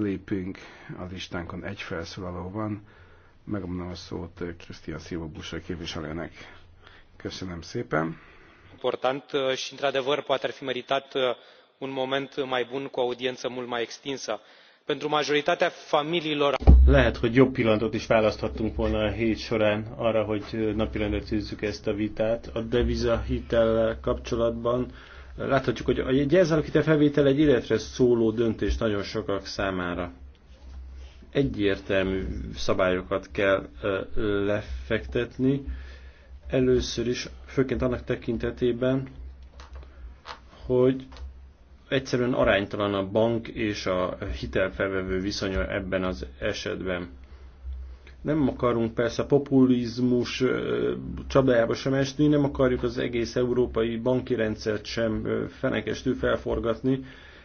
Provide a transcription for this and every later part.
lépünk a listánkon egy felszólaló van. Megadom a szót Krisztián Szilva Busa képviselőnek. Köszönöm szépen. Important uh, și, într-adevăr, poate ar fi meritat uh, un moment mai bun cu audiență mult mai extinsă. Pentru majoritatea familiilor... Lehet, hogy jobb pillanatot is választhattunk volna a hét során arra, hogy uh, napirendre tűzzük ezt a vitát. A deviza hitel kapcsolatban Láthatjuk, hogy egy elzárólkítel felvétel egy életre szóló döntés nagyon sokak számára. Egyértelmű szabályokat kell lefektetni, először is, főként annak tekintetében, hogy egyszerűen aránytalan a bank és a hitelfelvevő viszonya ebben az esetben. Nem akarunk persze populizmus csapdájába sem esni, nem akarjuk az egész európai banki rendszert sem fenekestül felforgatni,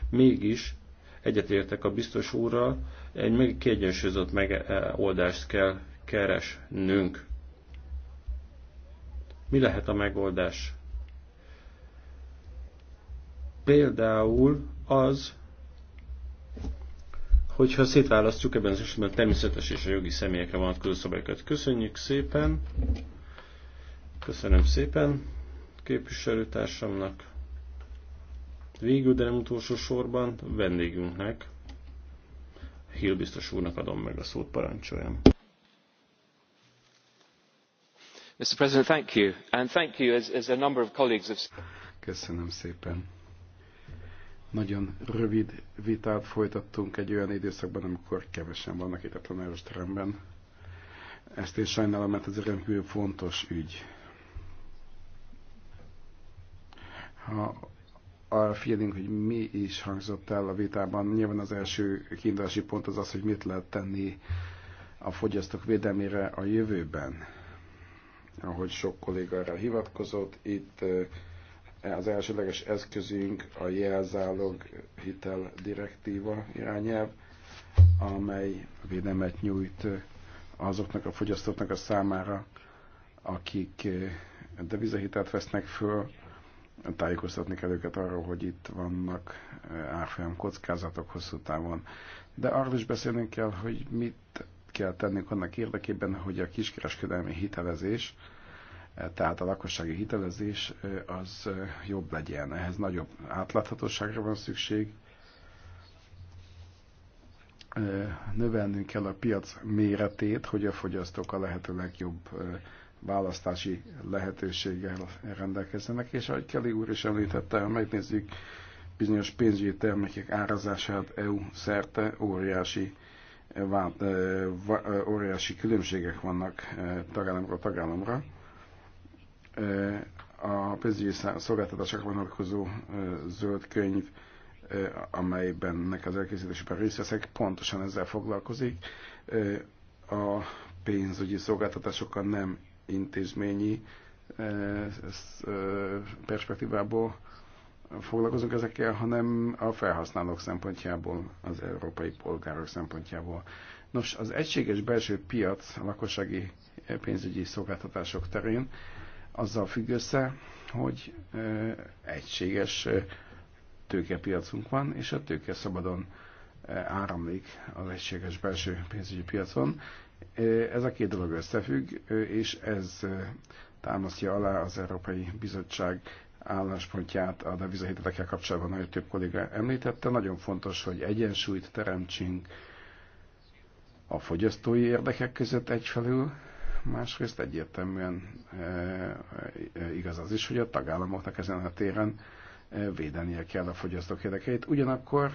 mégis egyetértek a biztos úrral, egy meg kiegyensúlyozott megoldást kell keresnünk. Mi lehet a megoldás? Például az, hogyha szétválasztjuk ebben az esetben természetes és a jogi személyekre vonatkozó szabályokat. Köszönjük szépen! Köszönöm szépen képviselőtársamnak, végül, de nem utolsó sorban vendégünknek, Hill biztos úrnak adom meg a szót, parancsoljam. Mr. President, thank you. And thank you as, as a number of colleagues have... Köszönöm szépen. Nagyon rövid vitát folytattunk egy olyan időszakban, amikor kevesen vannak itt a tanáros teremben. Ezt én sajnálom, mert ez rendkívül fontos ügy. Ha arra figyelünk, hogy mi is hangzott el a vitában, nyilván az első kiindulási pont az az, hogy mit lehet tenni a fogyasztók védelmére a jövőben. Ahogy sok kolléga erre hivatkozott, itt az elsőleges eszközünk a jelzálog hitel direktíva irányelv, amely védelmet nyújt azoknak a fogyasztóknak a számára, akik eh, devizahitelt vesznek föl, tájékoztatni kell őket arról, hogy itt vannak eh, árfolyam kockázatok hosszú távon. De arról is beszélnünk kell, hogy mit kell tennünk annak érdekében, hogy a kiskereskedelmi hitelezés, tehát a lakossági hitelezés az jobb legyen. Ehhez nagyobb átláthatóságra van szükség. Növelnünk kell a piac méretét, hogy a fogyasztók a lehető legjobb választási lehetőséggel rendelkezzenek, és ahogy Kelly úr is említette, ha megnézzük bizonyos pénzügyi termékek árazását EU szerte, óriási óriási különbségek vannak tagállamról tagállamra a pénzügyi szolgáltatásokra vonatkozó zöld könyv, amelyben nek az elkészítésében részt veszek, pontosan ezzel foglalkozik. A pénzügyi szolgáltatásokkal nem intézményi perspektívából foglalkozunk ezekkel, hanem a felhasználók szempontjából, az európai polgárok szempontjából. Nos, az egységes belső piac a lakossági pénzügyi szolgáltatások terén azzal függ össze, hogy egységes tőkepiacunk van, és a tőke szabadon áramlik az egységes belső pénzügyi piacon. Ez a két dolog összefügg, és ez támasztja alá az Európai Bizottság álláspontját a devizahitelekkel kapcsolatban, ahogy több kolléga említette. Nagyon fontos, hogy egyensúlyt teremtsünk a fogyasztói érdekek között egyfelől, másrészt egyértelműen e, e, igaz az is, hogy a tagállamoknak ezen a téren e, védenie kell a fogyasztók érdekeit. Ugyanakkor,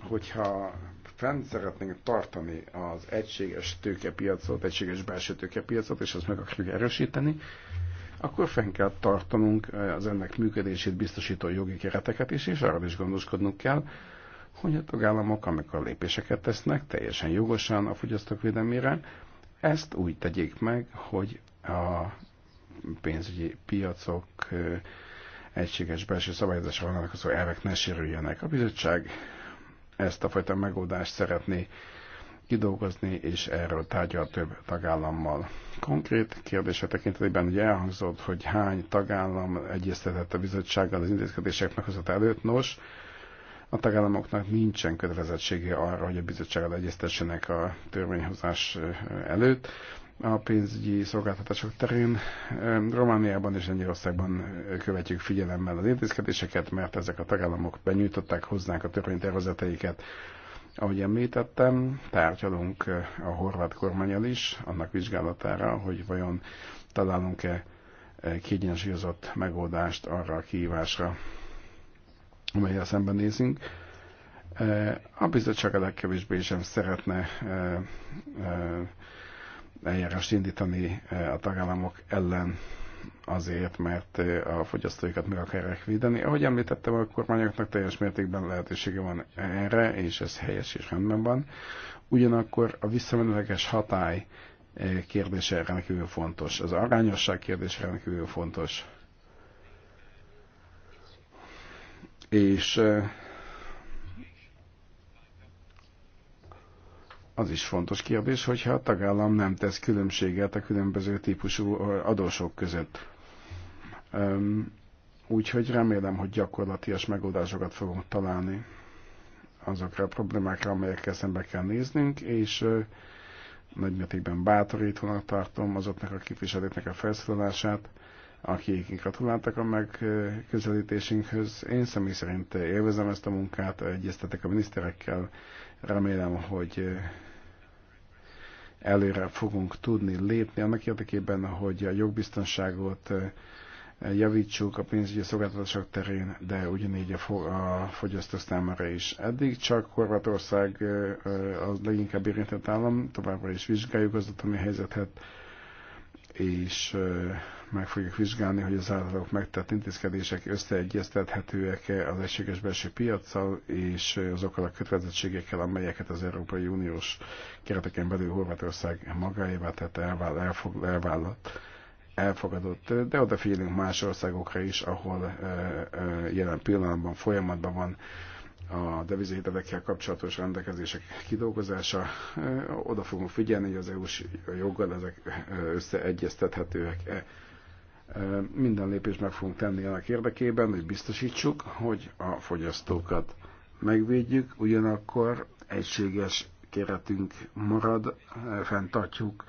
hogyha fent szeretnénk tartani az egységes tőkepiacot, egységes belső tőkepiacot, és azt meg akarjuk erősíteni, akkor fenn kell tartanunk az ennek működését biztosító jogi kereteket is, és arra is gondoskodnunk kell, hogy a tagállamok, amikor lépéseket tesznek, teljesen jogosan a fogyasztók védelmére, ezt úgy tegyék meg, hogy a pénzügyi piacok egységes belső szabályozásra vonatkozó elvek ne sérüljenek. A bizottság ezt a fajta megoldást szeretné kidolgozni, és erről tárgyal több tagállammal. Konkrét kérdése tekintetében ugye elhangzott, hogy hány tagállam egyeztetett a bizottsággal az intézkedések meghozat előtt. Nos, a tagállamoknak nincsen kötelezettsége arra, hogy a bizottsággal egyeztessenek a törvényhozás előtt. A pénzügyi szolgáltatások terén Romániában és Lengyelországban követjük figyelemmel az intézkedéseket, mert ezek a tagállamok benyújtották hozzánk a törvénytervezeteiket, ahogy említettem, tárgyalunk a horvát kormányal is, annak vizsgálatára, hogy vajon találunk-e kiegyensúlyozott megoldást arra a kihívásra, amelyel nézünk. E, a bizottság a legkevésbé sem szeretne e, e, eljárást indítani a tagállamok ellen azért, mert a fogyasztóikat meg akarják védeni. Ahogy említettem, a kormányoknak teljes mértékben lehetősége van erre, és ez helyes és rendben van. Ugyanakkor a visszamenőleges hatály kérdése rendkívül fontos, az arányosság kérdése rendkívül fontos és az is fontos kérdés, hogyha a tagállam nem tesz különbséget a különböző típusú adósok között. Úgyhogy remélem, hogy gyakorlatias megoldásokat fogunk találni azokra a problémákra, amelyekkel szembe kell néznünk, és nagymértékben bátorítónak tartom azoknak a képviselőknek a felszólalását, akik gratuláltak a megközelítésünkhöz. Én személy szerint élvezem ezt a munkát, egyeztetek a miniszterekkel, remélem, hogy előre fogunk tudni lépni annak érdekében, hogy a jogbiztonságot javítsuk a pénzügyi szolgáltatások terén, de ugyanígy a fogyasztó számára is. Eddig csak Horvátország az leginkább érintett állam, továbbra is vizsgáljuk az ottani helyzetet, és meg fogjuk vizsgálni, hogy az általuk megtett intézkedések összeegyeztethetőek-e az egységes belső piaccal és azokkal a kötelezettségekkel, amelyeket az Európai Uniós kereteken belül Horvátország magáévá tett, elvállalt, elfog, elvállalt elfogadott, de odafigyelünk más országokra is, ahol eh, eh, jelen pillanatban folyamatban van a devizahitelekkel kapcsolatos rendelkezések kidolgozása. Eh, oda fogunk figyelni, hogy az EU-s joggal ezek összeegyeztethetőek-e. Minden lépést meg fogunk tenni ennek érdekében, hogy biztosítsuk, hogy a fogyasztókat megvédjük, ugyanakkor egységes keretünk marad, fenntartjuk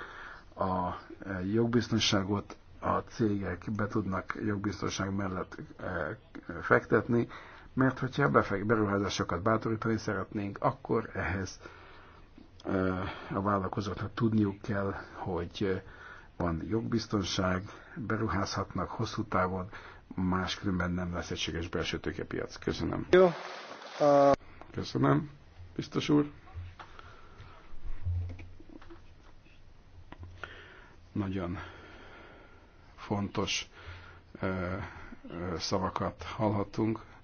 a jogbiztonságot, a cégek be tudnak jogbiztonság mellett fektetni, mert hogyha beruházásokat bátorítani szeretnénk, akkor ehhez a vállalkozóknak tudniuk kell, hogy van jogbiztonság, beruházhatnak hosszú távon, máskülönben nem lesz egységes belső tőkepiac. Köszönöm. Jó. Köszönöm, biztos úr. Nagyon fontos szavakat hallhattunk.